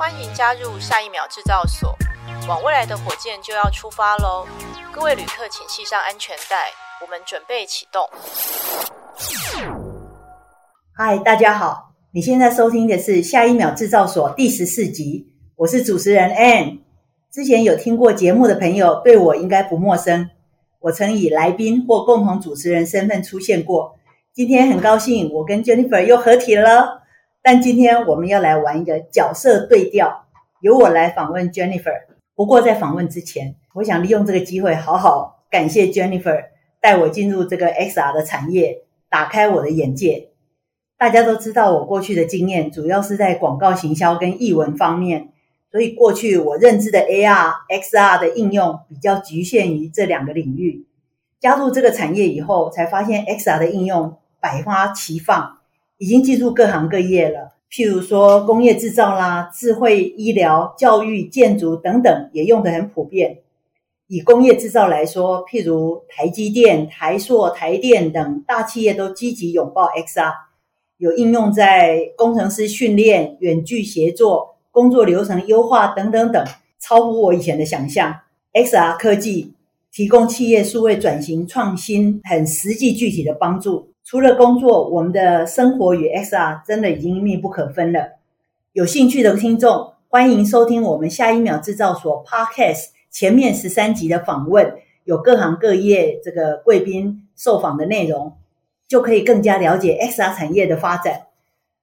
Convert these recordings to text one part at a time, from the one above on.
歡迎加入下一秒製造所，往未來的火箭就要出發嘍！各位旅客，請繫上安全帶，我們準備啟動。嗨，大家好，你現在收聽的是《下一秒製造所》第十四集，我是主持人 Ann。之前有聽過節目的朋友，對我應該不陌生。我曾以來賓或共同主持人身份出現過，今天很高興，我跟 Jennifer 又合體了。但今天我們要來玩一個角色對調，由我來訪問 Jennifer。不過在訪問之前，我想利用這個機會好好感謝 Jennifer 帶我進入這個 XR 的產業，打開我的眼界。大家都知道我過去的經驗主要是在廣告行銷跟藝文方面，所以過去我認知的 AR、XR 的應用比較局限於這兩個領域。加入這個產業以後，才發現 XR 的應用百花齊放。已經進入各行各業了，譬如說工業製造啦、智慧醫療、教育、建築等等，也用得很普遍。以工業製造來說，譬如台積電、台塑、台電等大企業都積極擁抱 XR，有應用在工程師訓練、遠距協作、工作流程優化等等等，超乎我以前的想象。XR 科技提供企業數位轉型創新很實際具體的幫助。除了工作，我們的生活與 XR 真的已經密不可分了。有興趣的聽眾，歡迎收聽我們下一秒製造所 Podcast 前面十三集的訪問，有各行各業這個貴賓受訪的內容，就可以更加了解 XR 產業的發展。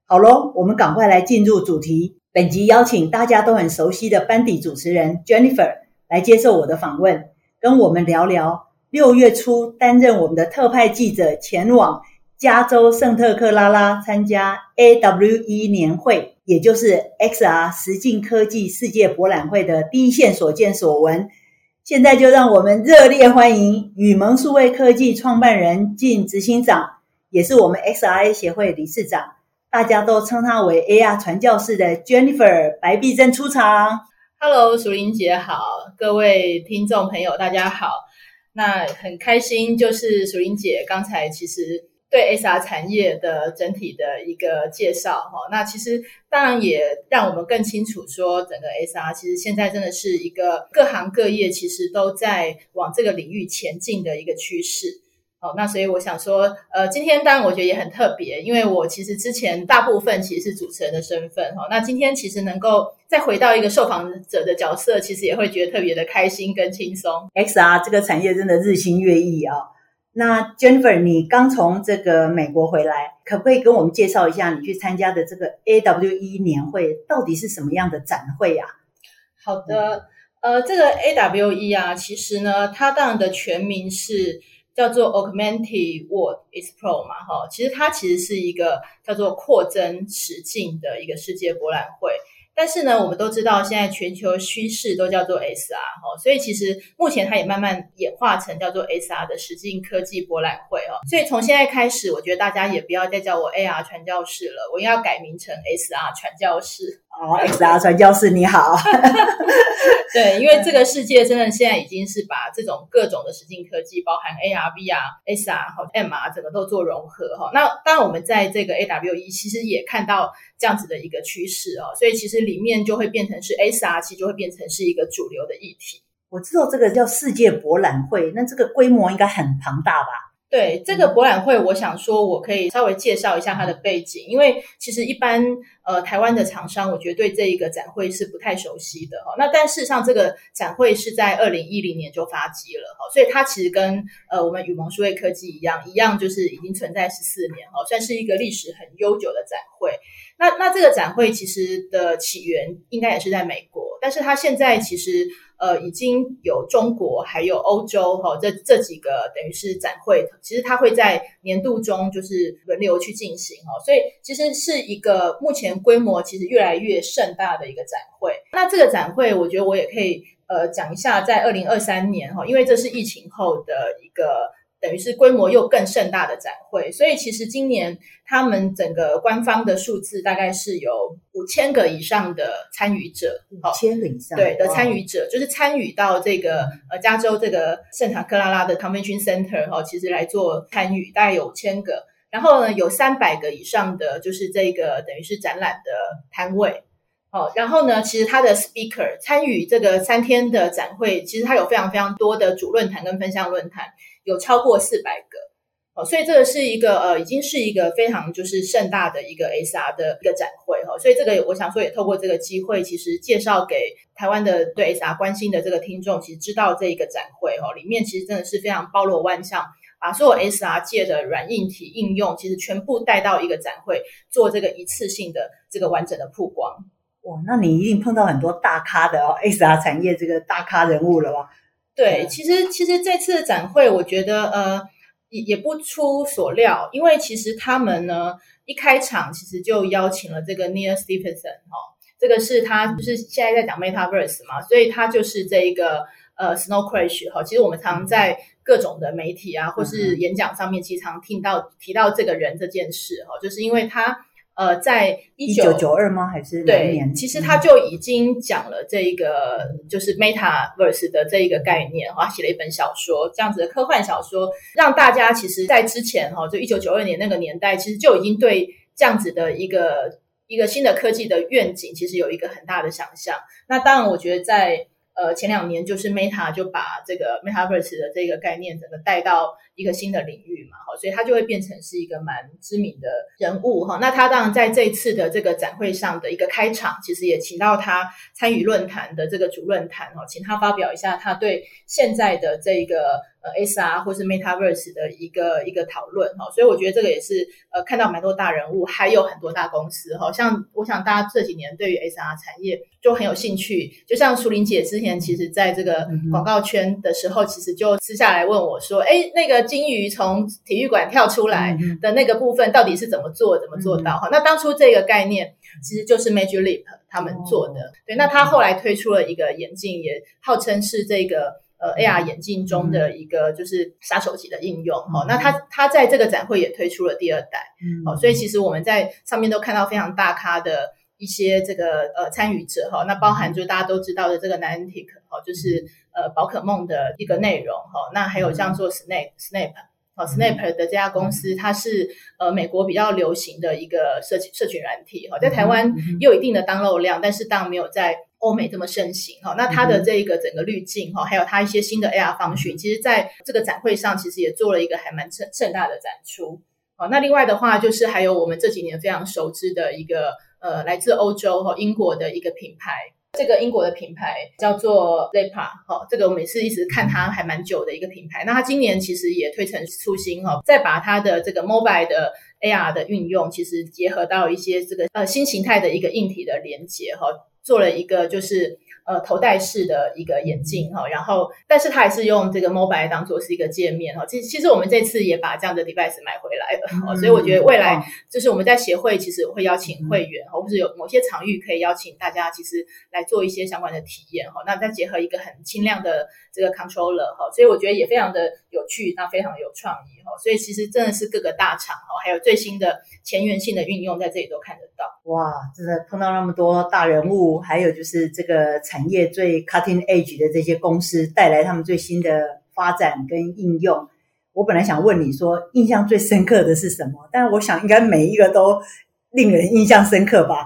好咯，我們趕快來進入主題。本集邀請大家都很熟悉的班底主持人 Jennifer 來接受我的訪問，跟我們聊聊六月初擔任我們的特派記者前往。加州聖塔克拉拉參加 AWE 年會，也就是 XR 實境科技世界博覽會的第一線所見所聞。現在就讓我們熱烈歡迎宇萌數位科技創辦人、暨執行長，也是我們 XRA 協會理事長，大家都稱他為 AR 傳教士的 Jennifer 白璧珍出場。Hello，淑玲姐好，各位聽眾朋友大家好，那很開心，就是淑玲姐剛才其實，對 XR 產業的整體的一個介紹哈，那其實當然也讓我們更清楚說，整個 XR 其實現在真的是一個各行各業其實都在往這個領域前進的一個趨勢哦。那所以我想說，呃，今天當然我覺得也很特別，因為我其實之前大部分其實是主持人的身份哈，那今天其實能夠再回到一個受訪者的角色，其實也會覺得特別的開心跟輕鬆。XR 這個產業真的日新月異啊，哦。那 Jennifer，你剛從這個美國回來，可不可以跟我們介紹一下你去參加的這個 AWE 年會到底是什麼樣的展會呀、啊？好的，呃，這個 AWE 啊，其實呢，它當然的全名是叫做 Augmented World Expo 嘛，哈，其實它其實是一個叫做擴增實境的一個世界博覽會。但是呢，我們都知道現在全球趨勢都叫做 XR 哈，所以其實目前它也慢慢演化成叫做 XR 的實境科技博覽會哦。所以從現在開始，我覺得大家也不要再叫我 AR 傳教士了，我要改名成 XR 傳教士。哦，XR 傳教士你好，對，因為這個世界真的現在已經是把這種各種的實境科技，包含 AR、VR 啊、SR 或者 MR 啊，整個都做融合哈。那當然，我們在這個 AWE 其實也看到這樣子的一個趨勢哦，所以其實裡面就會變成是 SR，其實就會變成是一個主流的議題。我知道這個叫世界博覽會，那這個規模應該很龐大吧？對這個博覽會，我想說，我可以稍微介紹一下它的背景，因為其實一般呃台灣的廠商，我覺得對這一個展會是不太熟悉的哈。那但事實上，這個展會是在二零一零年就發跡了哈，所以它其實跟呃我們宇萌數位科技一樣，一樣就是已經存在十四年哈，算是一個歷史很悠久的展會。那那這個展會其實的起源應該也是在美國。但是它現在其實呃已經有中國還有歐洲哈、哦、這這幾個等於是展會，其實它會在年度中就是輪流去進行哈、哦，所以其實是一個目前規模其實越來越盛大的一個展會。那這個展會我覺得我也可以呃講一下在2023年，在二零二三年哈，因為這是疫情後的一個。等於是規模又更盛大的展會，所以其實今年他們整個官方的數字大概是有五千個以上的參與者，五千個以上對、哦、的參與者，就是參與到這個呃、嗯、加州這個聖塔克拉拉的 convention center 哈，其實來做參與大概有五千個，然後呢有三百個以上的就是這個等於是展覽的攤位，然後呢其實它的 speaker 參與這個三天的展會，其實它有非常非常多的主論壇跟分享論壇。有超過四百個哦，所以這個是一個呃，已經是一個非常就是盛大的一個 XR 的一個展會哈、哦，所以這個我想說也透過這個機會，其實介紹給台灣的對 XR 關心的這個聽眾，其實知道這一個展會哈、哦，裡面其實真的是非常包羅萬象，把所有 XR 界的軟硬體應用，其實全部帶到一個展會做這個一次性的這個完整的曝光。哇，那你一定碰到很多大咖的哦，XR 產業這個大咖人物了吧？對，其實其實這次的展會，我覺得呃也也不出所料，因為其實他們呢一開場其實就邀請了這個 Neal Stephenson 哈、哦，這個是他不是現在在講 Metaverse 嘛，所以他就是這一個呃 Snow Crash 哈、哦，其實我們常在各種的媒體啊或是演講上面，其實常聽到提到這個人這件事哈、哦，就是因為他。呃，在一九九二嗎？還是對、嗯，其實他就已經講了這一個就是 Metaverse 的這一個概念，哇、哦，他寫了一本小說，這樣子的科幻小說，讓大家其實，在之前哈、哦，就一九九二年那個年代，其實就已經對這樣子的一個一個新的科技的願景，其實有一個很大的想象。那當然，我覺得在。呃，前兩年就是 Meta 就把這個 Metaverse 的這個概念整個帶到一個新的領域嘛，好，所以他就會變成是一個蠻知名的人物哈。那他當然在這次的這個展會上的一個開場，其實也請到他參與論壇的這個主論壇哦，請他發表一下他對現在的這個。XR 或是 Metaverse 的一個一個討論哈，所以我覺得這個也是呃看到蠻多大人物，還有很多大公司哈。像我想大家這幾年對於 XR 產業就很有興趣，就像蘇玲姐之前其實在這個廣告圈的時候，其實就私下來問我說：“哎，那個鯨魚從體育館跳出來的那個部分到底是怎麼做，怎麼做到？”哈，那當初這個概念其實就是 Magic Leap 他們做的，對。那他後來推出了一個眼鏡，也號稱是這個。呃，AR 眼鏡中的一個就是殺手級的應用，好、嗯嗯哦，那它它在這個展會也推出了第二代、嗯，哦，所以其實我們在上面都看到非常大咖的一些這個呃參與者哈、哦，那包含就大家都知道的這個 Niantic，哈、哦，就是呃寶可夢的一個內容，哈、哦，那還有像做 Snap，Snap，好，Snap,、嗯 Snap 哦 Snapper、的這家公司、嗯、它是呃美國比較流行的一個社群社群軟體，哈、哦，在台灣也有一定的 download 量，但是當沒有在。歐美這麼盛行哈，那它的這個整個濾鏡哈，還有它一些新的 AR 方式，其實在這個展會上其實也做了一個還蠻盛盛大的展出啊。那另外的話就是還有我們這幾年非常熟知的一個呃來自歐洲和英國的一個品牌，這個英國的品牌叫做 Zepa 哈，這個我們也是一直看它還蠻久的一個品牌。那它今年其實也推陳出新哈，再把它的這個 mobile 的 AR 的運用，其實結合到一些這個呃新形態的一個硬體的連接哈。做了一個，就是。呃，頭戴式的一個眼鏡哈、哦，然後，但是它還是用這個 mobile 當做是一個界面哈、哦。其實，其實我們這次也把這樣的 device 買回來了哈、嗯哦，所以我覺得未來就是我們在協會其實會邀請會員，哦、或者是有某些場域可以邀請大家，其實來做一些相關的體驗哈、哦。那再結合一個很輕量的這個 controller 哈、哦，所以我覺得也非常的有趣，那非常有創意哈、哦。所以其實真的是各個大廠哈、哦，還有最新的前沿性的運用在這裡都看得到。哇，真的碰到那麼多大人物，還有就是這個產。產業最 cutting edge 的這些公司帶來他們最新的發展跟應用。我本來想問你說，印象最深刻的是什麼？但我想應該每一個都令人印象深刻吧。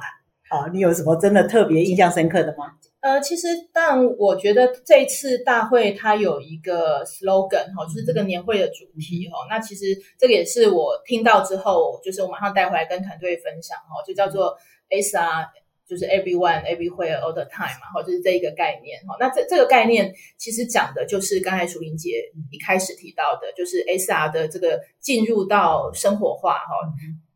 好，你有什麼真的特別印象深刻的嗎？呃、嗯，其實但我覺得這次大會它有一個 slogan 哈，就是這個年會的主題哈、嗯。那其實這個也是我聽到之後，就是我馬上帶回來跟團隊分享哈，就叫做 XR、嗯。就是 everyone, everywhere all the time 嘛，哈，就是這一個概念，哈。那這這個概念其實講的就是剛才楚玲姐一開始提到的，就是 ASR 的這個進入到生活化，哈，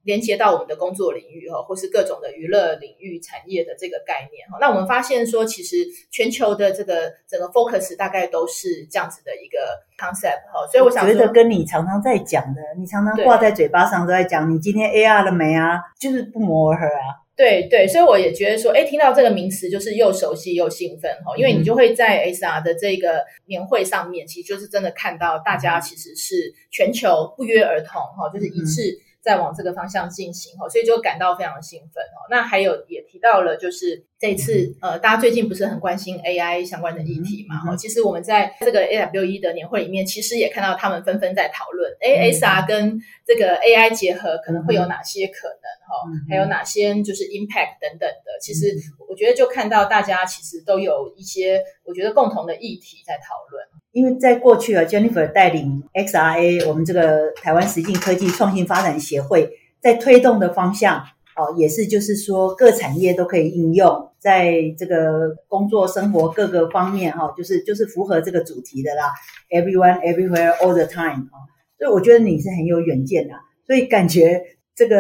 連接到我們的工作領域，哈，或是各種的娛樂領域產業的這個概念，哈。那我們發現說，其實全球的這個整個 focus 大概都是這樣子的一個 concept 哈。所以我想我覺得跟你常常在講的，你常常掛在嘴巴上都在講，你今天 AR 了沒啊？就是不謀而合啊。對對，所以我也覺得說，哎，聽到這個名詞就是又熟悉又興奮哈，因為你就會在 S R 的這個年會上面、嗯，其實就是真的看到大家其實是全球不約而同哈，就是一致。在往這個方向進行哦，所以就感到非常的興奮哦。那還有也提到了，就是這次，mm -hmm. 呃，大家最近不是很關心 AI 相關的議題嘛？哈，mm -hmm.，其實我們在這個 AWE 的年會裡面，其實也看到他們紛紛在討論 ASR 跟這個 AI 結合可能會有哪些可能哈，mm -hmm. 還有哪些就是 impact 等等的。其實我覺得就看到大家其實都有一些我覺得共同的議題在討論。因為在過去啊，Jennifer 帶領 XRA，我們這個台灣實境科技創新發展協會，在推動的方向哦、啊，也是就是說各產業都可以應用，在這個工作生活各個方面哈、啊，就是就是符合這個主題的啦。Everyone, everywhere, all the time 啊，所以我覺得你是很有遠見的，所以感覺這個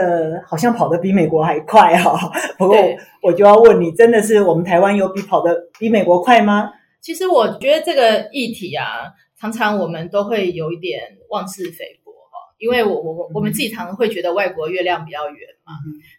好像跑得比美國還快哈、啊。不過我就要問你，真的是我們台灣有比跑得比美國快嗎？其實我覺得這個議題啊，常常我們都會有一點妄自菲薄哈，因為我我我我們自己常常會覺得外國月亮比較圓嘛，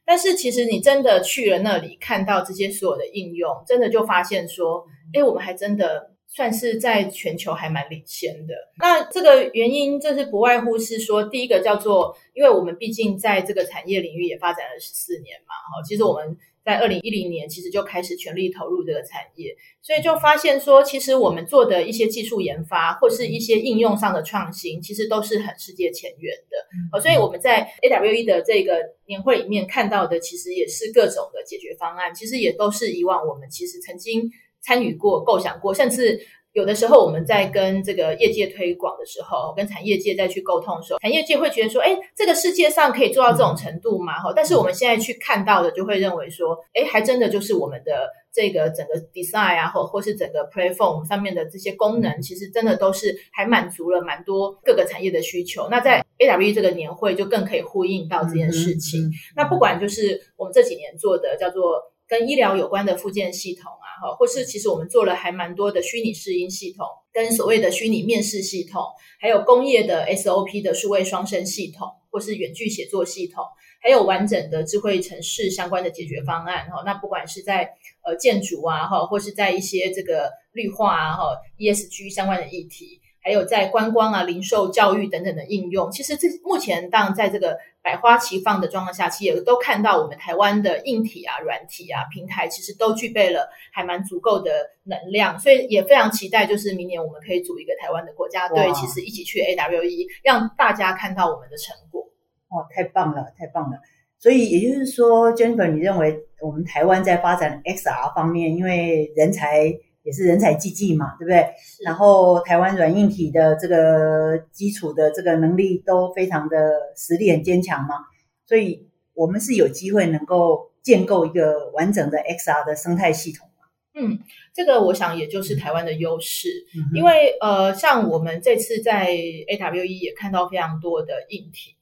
但是其實你真的去了那裡，看到這些所有的應用，真的就發現說，哎，我們還真的。算是在全球還蠻領先的。那這個原因就是不外乎是說，第一個叫做，因為我們畢竟在這個產業領域也發展了十四年嘛，哈。其實我們在二零一零年其實就開始全力投入這個產業，所以就發現說，其實我們做的一些技術研發或是一些應用上的創新，其實都是很世界前沿的。哦，所以我們在 AWE 的這個年會裡面看到的，其實也是各種的解決方案，其實也都是以往我們其實曾經。參與過、構想過，甚至有的時候我們在跟這個業界推廣的時候，跟產業界再去溝通的時候，產業界會覺得說：“哎、欸，這個世界上可以做到這種程度嗎？”哈，但是我們現在去看到的，就會認為說：“哎、欸，還真的就是我們的這個整個 design 啊，或或是整個 platform 上面的這些功能，其實真的都是還滿足了蠻多各個產業的需求。那在 AWE 這個年會就更可以呼應到這件事情。嗯嗯嗯嗯。那不管就是我們這幾年做的叫做跟醫療有關的復健系統啊。哈，或是其實我們做了還蠻多的虛擬試音系統，跟所謂的虛擬面試系統，還有工業的 SOP 的數位雙生系統，或是遠距協作系統，還有完整的智慧城市相關的解決方案。哈，那不管是在呃建築啊，哈，或是在一些這個綠化啊，哈，ESG 相關的議題。還有在觀光啊、零售、教育等等的應用，其實這目前當然在這個百花齊放的狀況下，其實也都看到我們台灣的硬體啊、軟體啊、平台，其實都具備了還蠻足夠的能量，所以也非常期待，就是明年我們可以組一個台灣的國家隊，其實一起去 AWE，讓大家看到我們的成果。哦，太棒了，太棒了！所以也就是說，Jennifer，你認為我們台灣在發展 XR 方面，因為人才？也是人才濟濟嘛，對不對？然後台灣軟硬體的這個基礎的這個能力都非常的實力很堅強嘛，所以我們是有機會能夠建構一個完整的 XR 的生態系統嘛。嗯，這個我想也就是台灣的優勢，嗯、因為呃，像我們這次在 AWE 也看到非常多的硬體，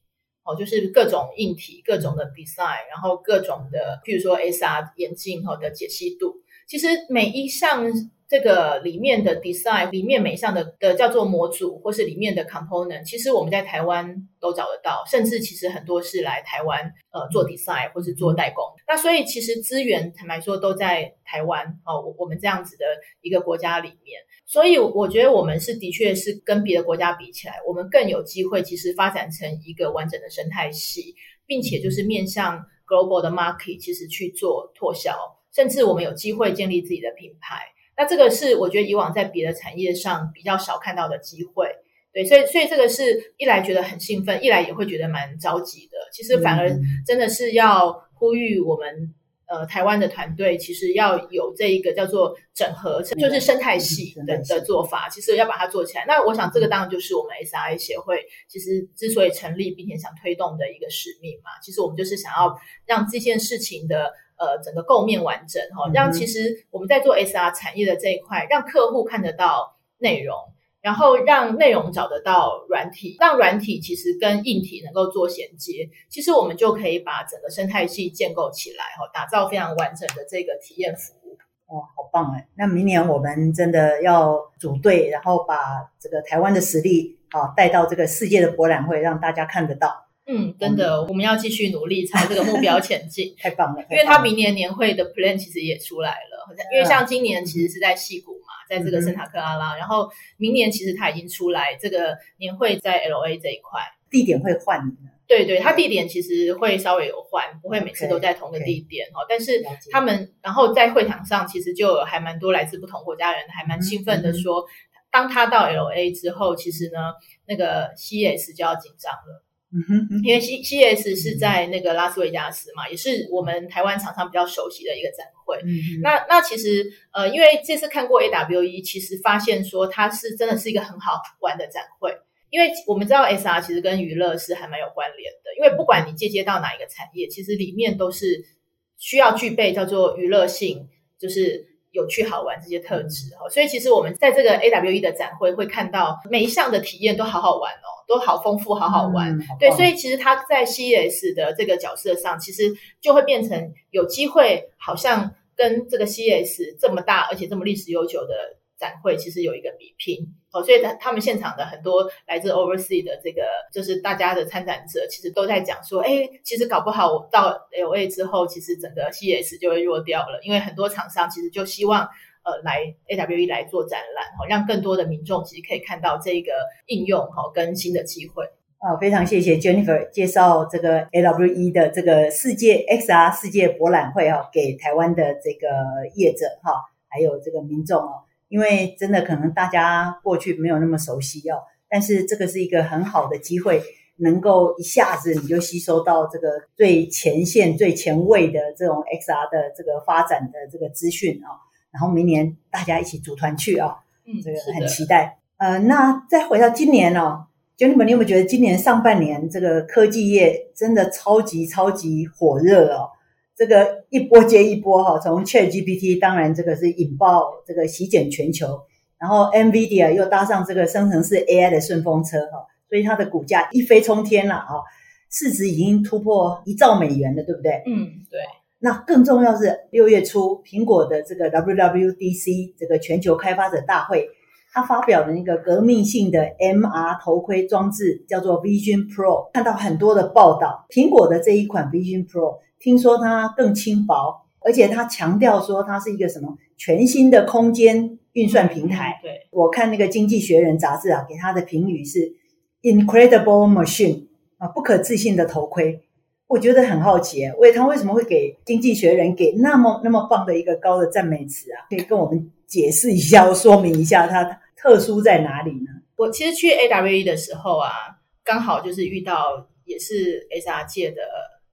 哦，就是各種硬體、各種的 design 然後各種的，譬如說 SR 眼鏡哦的解析度。其實每一項這個裡面的 design 裡面每一項的的叫做模組，或是裡面的 component，其實我們在台灣都找得到，甚至其實很多是來台灣呃做 design 或是做代工。那所以其實資源坦白說都在台灣哦，我我們這樣子的一個國家裡面，所以我覺得我們是的確是跟別的國家比起來，我們更有機會，其實發展成一個完整的生態系，並且就是面向 global 的 market，其實去做拓銷。甚至我們有機會建立自己的品牌，那這個是我覺得以往在別的產業上比較少看到的機會，對，所以所以這個是一來覺得很興奮，一來也會覺得蠻着急的。其實反而真的是要呼籲我們呃台灣的團隊，其實要有這一個叫做整合，就是生態系的的做法，其實要把它做起來。那我想這個當然就是我們 XRA 協會其實之所以成立並且想推動的一個使命嘛。其實我們就是想要讓這件事情的。呃，整個構面完整哈、哦，讓其實我們在做 XR 產業的這一塊，讓客戶看得到內容，然後讓內容找得到軟體，讓軟體其實跟硬體能夠做銜接，其實我們就可以把整個生態系建構起來哈，打造非常完整的這個體驗服務。哇、哦，好棒哎！那明年我們真的要組隊，然後把這個台灣的實力啊、哦、帶到這個世界的博覽會，讓大家看得到。嗯，真的，嗯、我們要繼續努力朝這個目標前進。太棒了，因為他明年年會的 plan 其實也出來了，好像因為像今年其實是在矽谷嘛，嗯，在這個聖塔克拉拉，嗯，然後明年其實他已經出來，這個年會在 L A 這一塊地點會換。對對，對，他地點其實會稍微有換，不會每次都在同個地點哦。Okay, okay, 但是他們了解了，然後在會場上其實就有還蠻多來自不同國家的人，嗯，還蠻興奮的說，嗯嗯，當他到 L A 之後，其實呢那個 C S 就要緊張了。因為 C C S 是在那個拉斯維加斯嘛，嗯、也是我們台灣廠商比較熟悉的一個展會。嗯、那那其實呃，因為這次看過 A W E，其實發現說它是真的是一個很好玩的展會。因為我們知道 X R 其實跟娛樂是還蠻有關聯的，因為不管你借接，接到哪一個產業，其實裡面都是需要具備叫做娛樂性，就是有趣好玩這些特質哈。所以其實我們在這個 A W E 的展會會看到每一項的體驗都好好玩哦。都好豐富，好好玩，嗯好，對，所以其實他在 CES 的這個角色上，其實就會變成有機會，好像跟這個 CES 這麼大，而且這麼歷史悠久的展會，其實有一個比拼哦。所以他他們現場的很多來自 overseas 的這個，就是大家的參展者，其實都在講說，哎，其實搞不好我到 L A 之後，其實整個 CES 就會弱掉了，因為很多廠商其實就希望。呃，來 AWE 來做展覽，哈，讓更多的民眾其實可以看到這個應用，哈，跟新的機會啊。非常謝謝 Jennifer 介紹這個 AWE 的這個世界 XR 世界博覽會，哈，給台灣的這個業者，哈，還有這個民眾哦。因為真的可能大家過去沒有那麼熟悉哦，但是這個是一個很好的機會，能夠一下子你就吸收到這個最前線、最前衛的這種 XR 的這個發展的這個資訊啊。然後明年大家一起組團去啊、哦嗯，這個很期待。呃，那再回到今年哦，兄弟們，你有沒有覺得今年上半年這個科技業真的超級超級火熱哦？這個一波接一波哈、哦，從 ChatGPT，當然這個是引爆這個席捲全球，然後 NVIDIA 又搭上這個生成式 AI 的順風車哈、哦，所以它的股價一飛衝天了啊、哦，市值已經突破一兆美元了，對不對？嗯，對。那更重要是六月初，蘋果的這個 WWDC 這個全球開發者大會，他發表了一個革命性的 MR 頭盔裝置，叫做 Vision Pro。看到很多的報道，蘋果的這一款 Vision Pro，聽說它更輕薄，而且它強調說它是一個什麼全新的空間運算平台。嗯。對，我看那個《經濟學人》雜誌啊，給它的評語是 “incredible machine” 啊，不可置信的頭盔。我覺得很好奇、啊，魏為他為什麼會給《經濟學人》給那麼那麼棒的一個高的讚美詞啊？可以跟我們解釋一下、說明一下它特殊在哪裡呢？我其實去 AWE 的時候啊，剛好就是遇到也是 XR 界的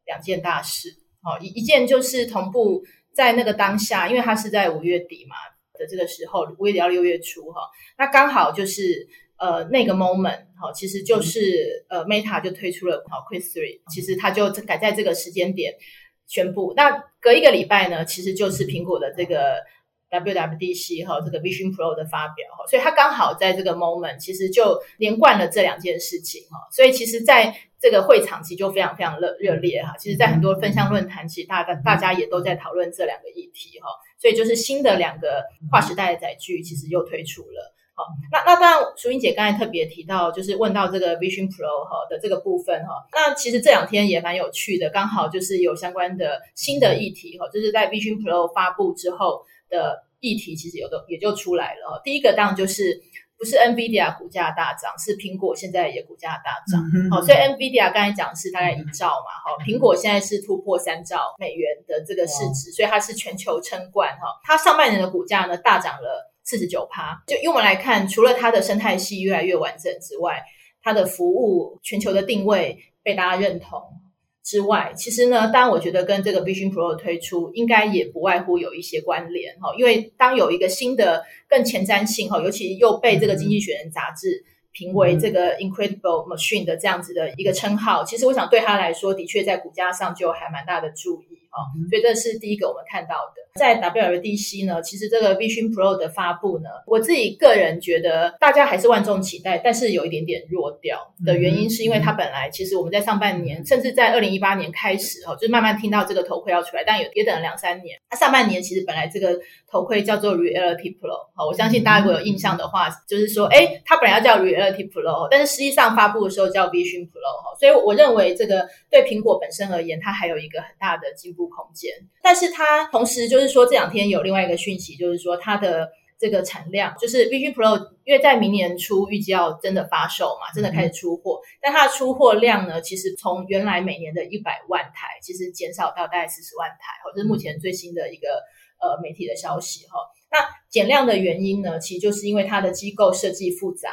兩件大事哦，一一件就是同步在那個當下，因為它是在五月底嘛的這個時候，五月底到六月初哈，那剛好就是。呃，那個 moment 哈、哦，其實就是、嗯、呃 Meta 就推出了 Quest 3，其實它就改在這個時間點宣布。那隔一個禮拜呢，其實就是蘋果的這個 WWDC 哈、哦，這個 Vision Pro 的發表哈、哦，所以它剛好在這個 moment，其實就連貫了這兩件事情哈、哦。所以其實在這個會場其實就非常非常熱熱烈哈。其實，在很多分享論壇，其實大家大家也都在討論這兩個議題哈、哦。所以就是新的兩個劃時代的載具，其實又推出了。那那當然，淑英姐剛才特別提到，就是問到這個 Vision Pro 的這個部分哈。那其實這兩天也蠻有趣的，剛好就是有相關的新的議題哈，就是在 Vision Pro 發布之後的議題，其實有的也就出來了。第一個當然就是不是 NVIDIA 股價大漲，是蘋果現在也股價大漲。好，所以 NVIDIA 剛才講是大概一兆嘛，好，蘋果現在是突破三兆美元的這個市值，所以它是全球稱冠哈。它上半年的股價呢大漲了。四十九趴，就用我們來看，除了它的生態系越來越完整之外，它的服務全球的定位被大家認同之外，其實呢，當然我覺得跟這個 Vision Pro 的推出，應該也不外乎有一些關聯哈。因為當有一個新的更前瞻性哈，尤其又被這個《經濟學人》雜誌評為這個 Incredible Machine 的這樣子的一個稱號，其實我想對他來說，的確在股價上就還蠻大的助益。哦，所以這是第一個我們看到的，在 WWDC 呢，其實這個 Vision Pro 的發布呢，我自己個人覺得大家還是萬眾期待，但是有一點點弱掉的原因，是因為它本來其實我們在上半年，嗯、甚至在二零一八年開始哈、哦，就是慢慢聽到這個頭盔要出來，但也也等了兩三年。啊、上半年其實本來這個頭盔叫做 Reality Pro，、哦、我相信大家如果有印象的話，就是說，哎，它本來要叫 Reality Pro，但是實際上發布的時候叫 Vision Pro、哦、所以我認為這個對蘋果本身而言，它還有一個很大的進步。空間，但是它同時就是說，這兩天有另外一個訊息，就是說它的這個產量，就是 Vision Pro，因為在明年初預計要真的發售嘛，真的開始出貨，但它的出貨量呢，其實從原來每年的一百萬台，其實減少到大概四十萬台，這是目前最新的一個呃媒體的消息哈、嗯。那減量的原因呢，其實就是因為它的機構設計複雜。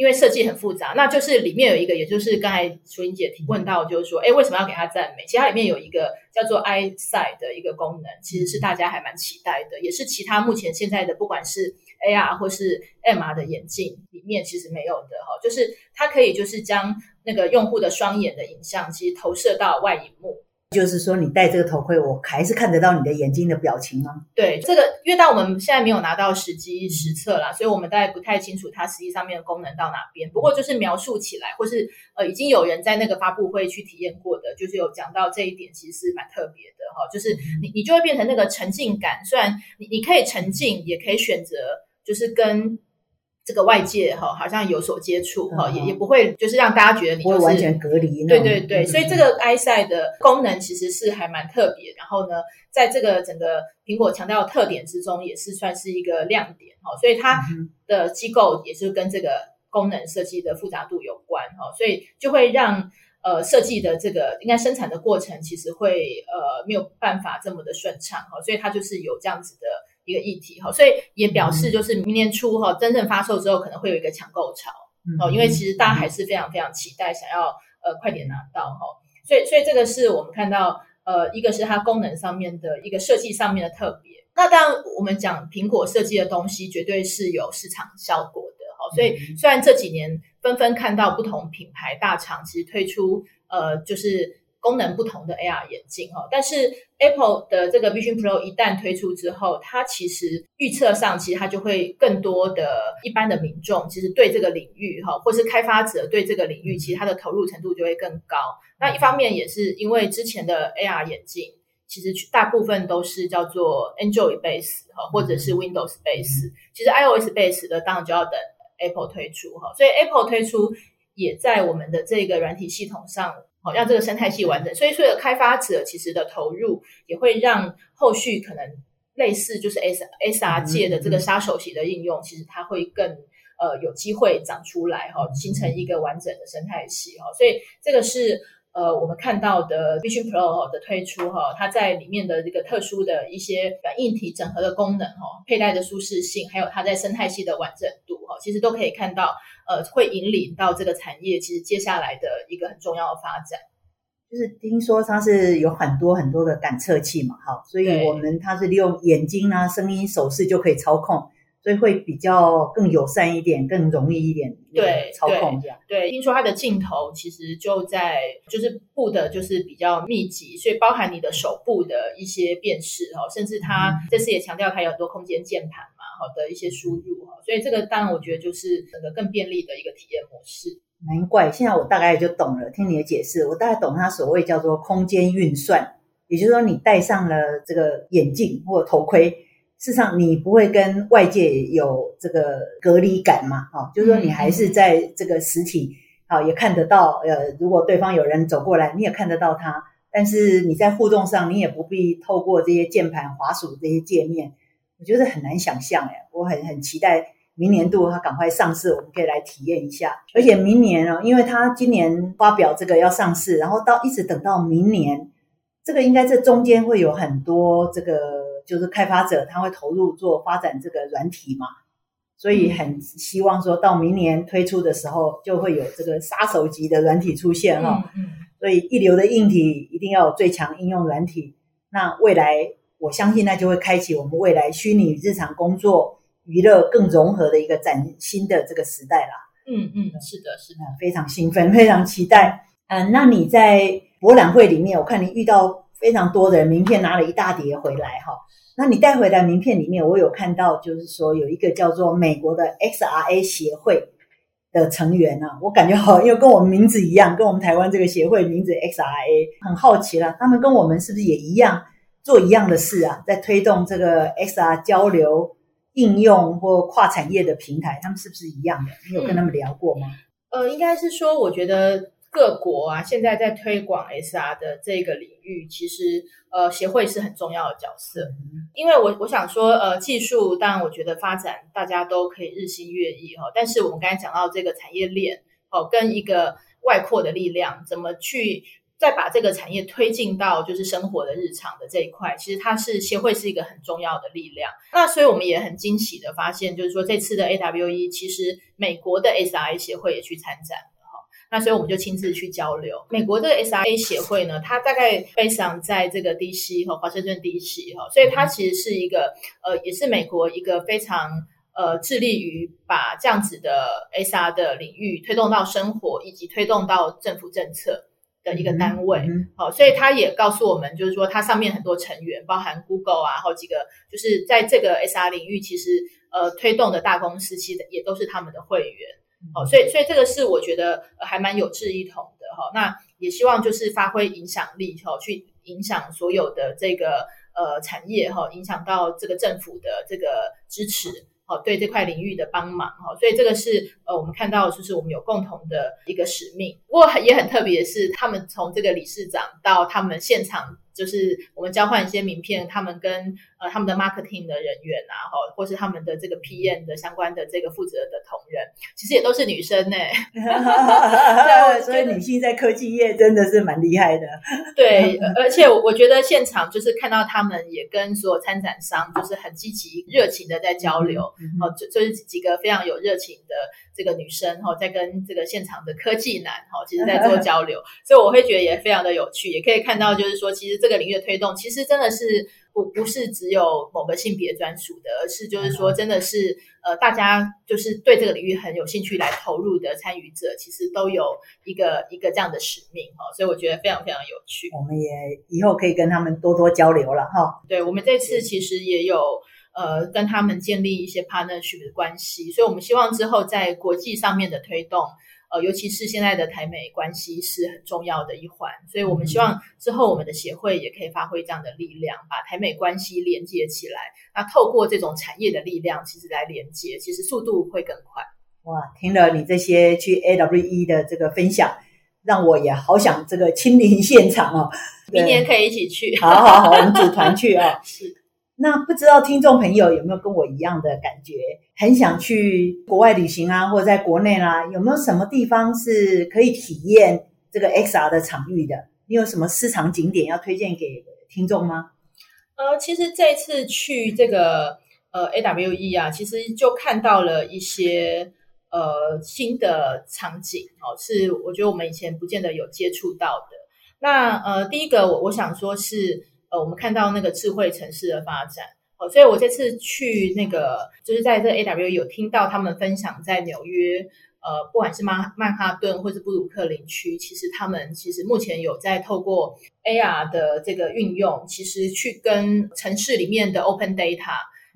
因為設計很複雜，那就是裡面有一個，也就是剛才楚英姐提問到，就是說，哎，為什麼要給他讚美？其實它裡面有一個叫做 EyeSight 的一個功能，其實是大家還蠻期待的，也是其他目前現在的不管是 AR 或是 MR 的眼鏡裡面其實沒有的哈，就是它可以就是將那個用戶的雙眼的影像其實投射到外熒幕。就是說，你戴這個頭盔，我還是看得到你的眼睛的表情嗎？對，這個因為到我們現在沒有拿到實機實測啦，所以我們大概不太清楚它實際上面的功能到哪邊。不過就是描述起來，或是呃，已經有人在那個發布會去體驗過的，就是有講到這一點，其實是蠻特別的哈。就是你你就會變成那個沉浸感，雖然你你可以沉浸，也可以選擇，就是跟。這個外界哈、哦、好像有所接觸哈、哦，也、嗯哦、也不會就是讓大家覺得你、就是、不會完全隔離。對對對，嗯、所以這個 EyeSight 的功能其實是還蠻特別。然後呢，在這個整個蘋果強調的特點之中，也是算是一個亮點哈、哦。所以它的機構也是跟這個功能設計的複雜度有關哈、哦，所以就會讓呃設計的這個應該生產的過程其實會呃沒有辦法這麼的順暢哈、哦。所以它就是有這樣子的。一個議題哈，所以也表示就是明年初哈、哦嗯，真正發售之後，可能會有一個搶購潮哦，因為其實大家還是非常非常期待，想要呃快點拿到哈、哦，所以所以這個是我們看到呃，一個是它功能上面的一個設計上面的特別，那當然我們講蘋果設計的東西絕對是有市場效果的哈、哦，所以雖然這幾年紛紛看到不同品牌大廠其實推出呃就是。功能不同的 AR 眼鏡哈，但是 Apple 的這個 Vision Pro 一旦推出之後，它其實預測上，其實它就會更多的一般的民眾，其實對這個領域哈，或是開發者對這個領域，其實它的投入程度就會更高。那一方面也是因為之前的 AR 眼鏡，其實大部分都是叫做 Android base 哈，或者是 Windows base，其實 iOS base 的當然就要等 Apple 推出哈，所以 Apple 推出也在我們的這個軟體系統上。好、哦，讓這個生態系完整，所以所有的開發者其實的投入，也會讓後續可能類似就是 XR 界的這個殺手級的應用，嗯嗯，其實它會更呃有機會長出來哈、哦，形成一個完整的生態系哈、哦，所以這個是。呃，我們看到的 Vision Pro 的推出哈，它在裡面的這個特殊的一些硬體整合的功能哈，佩戴的舒適性，還有它在生態系的完整度哈，其實都可以看到，呃，會引領到這個產業其實接下來的一個很重要的發展。就是聽說它是有很多很多的感測器嘛，哈，所以我們它是利用眼睛啊、聲音、手勢就可以操控。所以會比較更友善一點，更容易一點對操控這樣。對，聽說它的鏡頭其實就在就是佈的就是比較密集，所以包含你的手部的一些辨識哦，甚至它、嗯、這次也強調它有很多空間鍵盤嘛，好的一些輸入哦，所以這個當然我覺得就是整個更便利的一個體驗模式。難怪現在我大概就懂了，聽你的解釋，我大概懂它所謂叫做空間運算，也就是說你戴上了這個眼鏡或者頭盔。事實上，你不會跟外界有這個隔離感嘛？哈，就是說你還是在這個實體，啊，也看得到。呃，如果對方有人走過來，你也看得到他。但是你在互動上，你也不必透過這些鍵盤、滑鼠這些界面。我覺得很難想象哎，我很很期待明年度它趕快上市，我們可以來體驗一下。而且明年哦、喔，因為它今年發表這個要上市，然後到一直等到明年，這個應該這中間會有很多這個。就是開發者他會投入做發展這個軟體嘛，所以很希望說到明年推出的時候，就會有這個殺手級的軟體出現哈。嗯，所以一流的硬體一定要有最強應用軟體，那未來我相信那就會開啟我們未來虛擬日常工作娛樂更融合的一個嶄新的這個時代啦嗯。嗯嗯，是的，是的，非常興奮，非常期待。嗯、呃，那你在博覽會裡面，我看你遇到。非常多的人，名片拿了一大疊回來哈，那你帶回來名片裡面，我有看到就是說有一個叫做美國的 XRA 協會的成員啊。我感覺好，因為跟我們名字一樣，跟我們台灣這個協會名字 XRA 很好奇了，他們跟我們是不是也一樣做一樣的事啊？在推動這個 XR 交流應用或跨產業的平台，他們是不是一樣的？你有跟他們聊過嗎？嗯、呃，應該是說，我覺得。各國啊，現在在推廣 XR 的這個領域，其實呃，協會是很重要的角色。因為我我想說，呃，技術當然我覺得發展大家都可以日新月異哈、哦，但是我們剛才講到這個產業鏈哦，跟一個外擴的力量，怎麼去再把這個產業推進到就是生活的日常的這一塊，其實它是協會是一個很重要的力量。那所以我們也很驚喜的發現，就是說這次的 AWE，其實美國的 XRA 協會也去參展。那所以我們就親自去交流。美國的 XRA 協會呢，它大概非常在這個 DC 哈，華盛頓 DC 哈，所以它其實是一個、嗯、呃，也是美國一個非常呃致力於把這樣子的 XR 的領域推動到生活，以及推動到政府政策的一個單位。哦、嗯嗯嗯呃，所以它也告訴我們，就是說它上面很多成員，包含 Google 啊，好幾個，就是在這個 XR 領域，其實呃推動的大公司，其實也都是他們的會員。好、哦，所以所以這個是我覺得還蠻有志一同的哈、哦。那也希望就是發揮影響力哈、哦，去影響所有的這個呃產業哈、哦，影響到這個政府的這個支持哦，對這塊領域的幫忙哈、哦。所以這個是呃，我們看到的就是我們有共同的一個使命。不過也很特別的是，他們從這個理事長到他們現場。就是我們交換一些名片，他們跟呃他們的 marketing 的人員啊，哈，或是他們的這個 PM 的相關的這個負責的同仁，其實也都是女生呢、欸。 所以女性在科技業真的是蠻厲害的。 對，而且我覺得現場就是看到他們也跟所有參展商就是很積極熱情的在交流，哦，就就是幾個非常有熱情的這個女生，然後在跟這個現場的科技男，哈，其實在做交流， 所以我會覺得也非常的有趣，也可以看到就是說其實。這個領域的推動，其實真的是不不是只有某個性別專屬的，而是就是說，真的是呃，大家就是對這個領域很有興趣來投入的參與者，其實都有一個一個這樣的使命哈，所以我覺得非常非常有趣。我們也以後可以跟他們多多交流了哈。對，我們這次其實也有呃跟他們建立一些 partnership 的關係，所以我們希望之後在國際上面的推動。呃，尤其是現在的台美關係是很重要的一環，所以我們希望之後我們的協會也可以發揮這樣的力量，把台美關係連接起來。那、啊、透過這種產業的力量，其實來連接，其實速度會更快。哇，聽了你這些去 AWE 的這個分享，讓我也好想這個親臨現場哦。明年可以一起去。好好好， 我們組團去哦。是。那不知道聽眾朋友有沒有跟我一樣的感覺，很想去國外旅行啊，或者在國內啦，啊，有沒有什麼地方是可以體驗這個 XR 的場域的？你有什麼私藏景點要推薦給聽眾嗎？呃，其實這次去這個呃 AWE 啊，其實就看到了一些呃新的場景哦，是我覺得我們以前不見得有接觸到的。那呃，第一個我我想說是。呃，我們看到那個智慧城市的發展，哦，所以我這次去那個，就是在這 AWE 有聽到他們分享，在紐約，呃，不管是曼哈曼哈頓或是布魯克林區，其實他們其實目前有在透過 AR 的這個運用，其實去跟城市裡面的 open data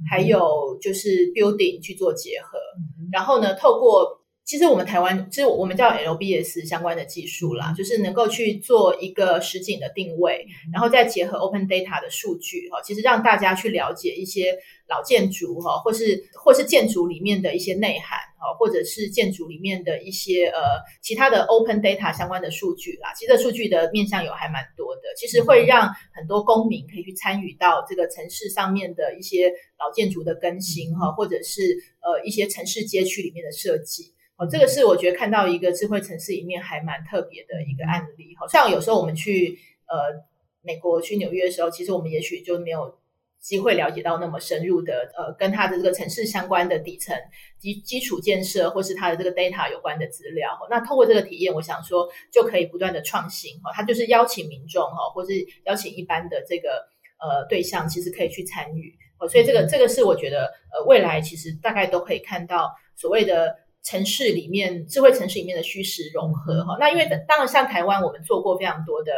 還有就是 building 去做結合，嗯、然後呢，透過。其實我們台灣，其實我們叫 LBS 相關的技術啦，就是能夠去做一個實景的定位，然後再結合 Open Data 的數據哈，其實讓大家去了解一些老建築哈，或是或是建築裡面的一些內涵哈，或者是建築裡面的一些呃其他的 Open Data 相關的數據啦，其實這數據的面向有還蠻多的，其實會讓很多公民可以去參與到這個城市上面的一些老建築的更新哈，或者是呃一些城市街區裡面的設計。哦，這個是我覺得看到一個智慧城市裡面還蠻特別的一個案例。哦，像有時候我們去呃美國去紐約的時候，其實我們也許就沒有機會了解到那麼深入的呃跟它的這個城市相關的底層基基礎建設，或是它的這個 data 有關的資料。哦，那透過這個體驗，我想說就可以不斷的創新。哦，他就是邀請民眾哈，哦，或是邀請一般的這個呃對象，其實可以去參與。哦，所以這個這個是我覺得呃未來其實大概都可以看到所謂的。城市裡面，智慧城市裡面的虛實融合哈。那因為等當然，像台灣我們做過非常多的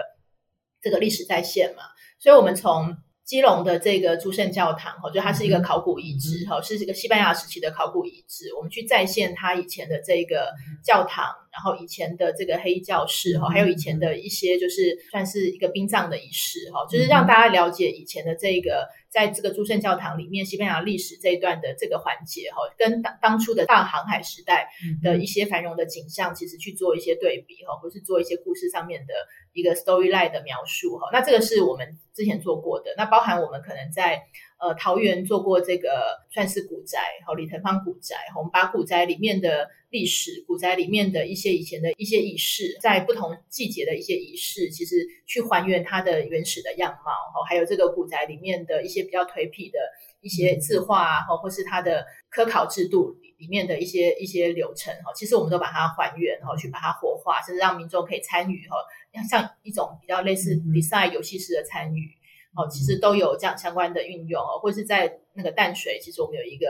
這個歷史再現嘛，所以我們從基隆的這個諸聖教堂哈，就它是一個考古遺址哈，是這個西班牙時期的考古遺址，我們去再現它以前的這個教堂。然後以前的這個黑教室哈，還有以前的一些就是算是一個殯葬的儀式哈，就是讓大家了解以前的這個在這個諸聖教堂裡面西班牙歷史這一段的這個環節哈，跟當當初的大航海時代的一些繁榮的景象，其實去做一些對比哈，或是做一些故事上面的一個 storyline 的描述哈，那這個是我們之前做過的，那包含我們可能在。呃，桃園做過這個算是古宅，然李騰芳古宅，哦，我們把古宅裡面的歷史、古宅裡面的一些以前的一些儀式，在不同季節的一些儀式，其實去還原它的原始的樣貌，哈、哦，還有這個古宅裡面的一些比較頹廢的一些字畫啊、哦，或是它的科考制度裡面的一些一些流程，哈、哦，其實我們都把它還原，然後去把它活化，甚至讓民眾可以參與，哈、哦，像像一種比較類似比賽遊戲式的參與。嗯哦，其實都有這樣相關的運用，或是在那個淡水，其實我們有一個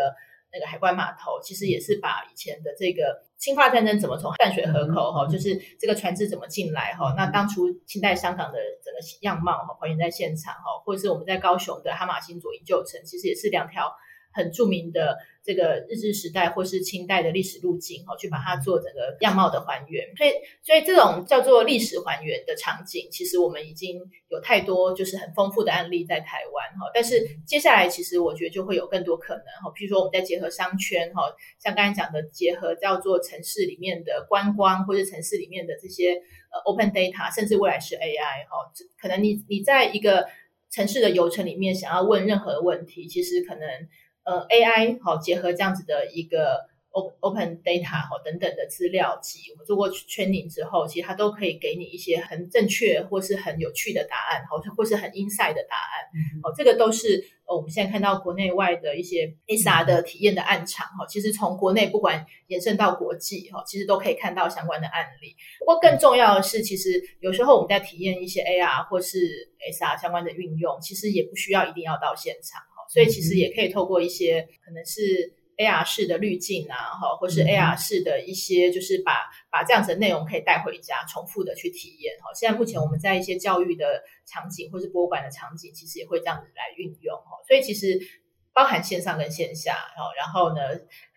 那個海關碼頭，其實也是把以前的這個清法戰爭怎麼從淡水河口哈、嗯，就是這個船只怎麼進來哈、嗯，那當初清代香港的整個樣貌哈還原在現場哈，或者是我們在高雄的哈瑪星左營舊城，其實也是兩條。很著名的這個日治時代或是清代的歷史路徑，哈，去把它做整個樣貌的還原。所以，所以這種叫做歷史還原的場景，其實我們已經有太多就是很豐富的案例在台灣，哈。但是接下來，其實我覺得就會有更多可能，哈。譬如說，我們在結合商圈，哈，像剛才講的，結合叫做城市裡面的觀光，或者城市裡面的這些呃 open data，甚至未來是 AI，哈，可能你你在一個城市的遊程裡面想要問任何問題，其實可能。呃，AI 好、哦、結合這樣子的一個 open data、哦、等等的資料集，我們做過 training 之後，其實它都可以給你一些很正確或是很有趣的答案，好、哦、或是很 insight 的答案，好、嗯哦、這個都是、哦、我們現在看到國內外的一些 XR 的體驗的案場哈、哦，其實從國內不管延伸到國際哈、哦，其實都可以看到相關的案例。不過更重要的是，其實有時候我們在體驗一些 AR 或是 XR 相關的運用，其實也不需要一定要到現場。所以其實也可以透過一些可能是 AR 式的濾鏡啊，哈，或是 AR 式的一些，就是把把這樣子的內容可以帶回家，重複的去體驗，哈。現在目前我們在一些教育的場景或是博物館的場景，其實也會這樣子來運用，哈。所以其實包含線上跟線下，哈，然後呢，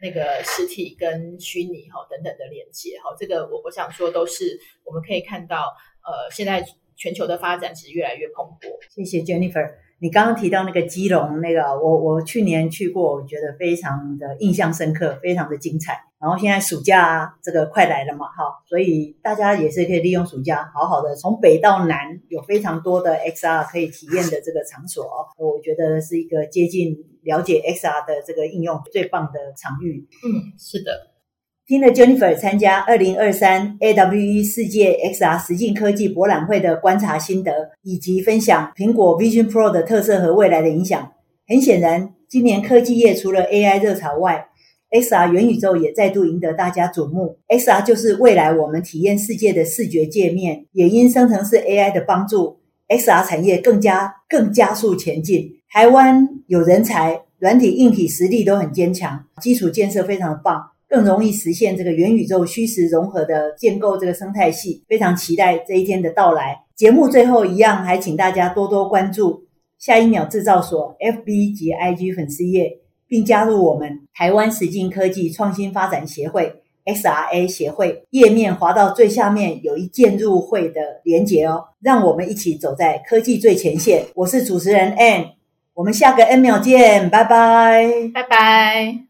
那個實體跟虛擬，哈，等等的連接，哈，這個我我想說都是我們可以看到，呃，現在全球的發展其實越來越蓬勃。謝謝 Jennifer。你剛剛提到那個基隆，那個我我去年去過，我覺得非常的印象深刻，非常的精彩。然後現在暑假這個快來了嘛，哈，所以大家也是可以利用暑假，好好的從北到南，有非常多的 XR 可以體驗的這個場所，我覺得是一個接近了解 XR 的這個應用最棒的場域。嗯，是的。聽了 Jennifer 參加二零二三 AWE 世界 XR 實境科技博覽會的觀察心得，以及分享蘋果 Vision Pro 的特色和未來的影響。很顯然，今年科技業除了 AI 熱潮外，XR 元宇宙也再度贏得大家矚目。XR 就是未來我們體驗世界的視覺界面，也因生成式 AI 的幫助，XR 產業更加更加速前進。台灣有人才，軟體硬體實力都很堅強，基礎建設非常棒。更容易實現這個元宇宙虛實融合的建構，這個生態系非常期待這一天的到來。節目最後一樣，還請大家多多關注下一秒製造所 FB 及 IG 粉絲頁，並加入我們台灣實境科技創新發展協會 （XRA） 協會頁面，滑到最下面有一鍵入會的連結哦。讓我們一起走在科技最前線。我是主持人 Anne，我們下個 N 秒見，拜拜，拜拜。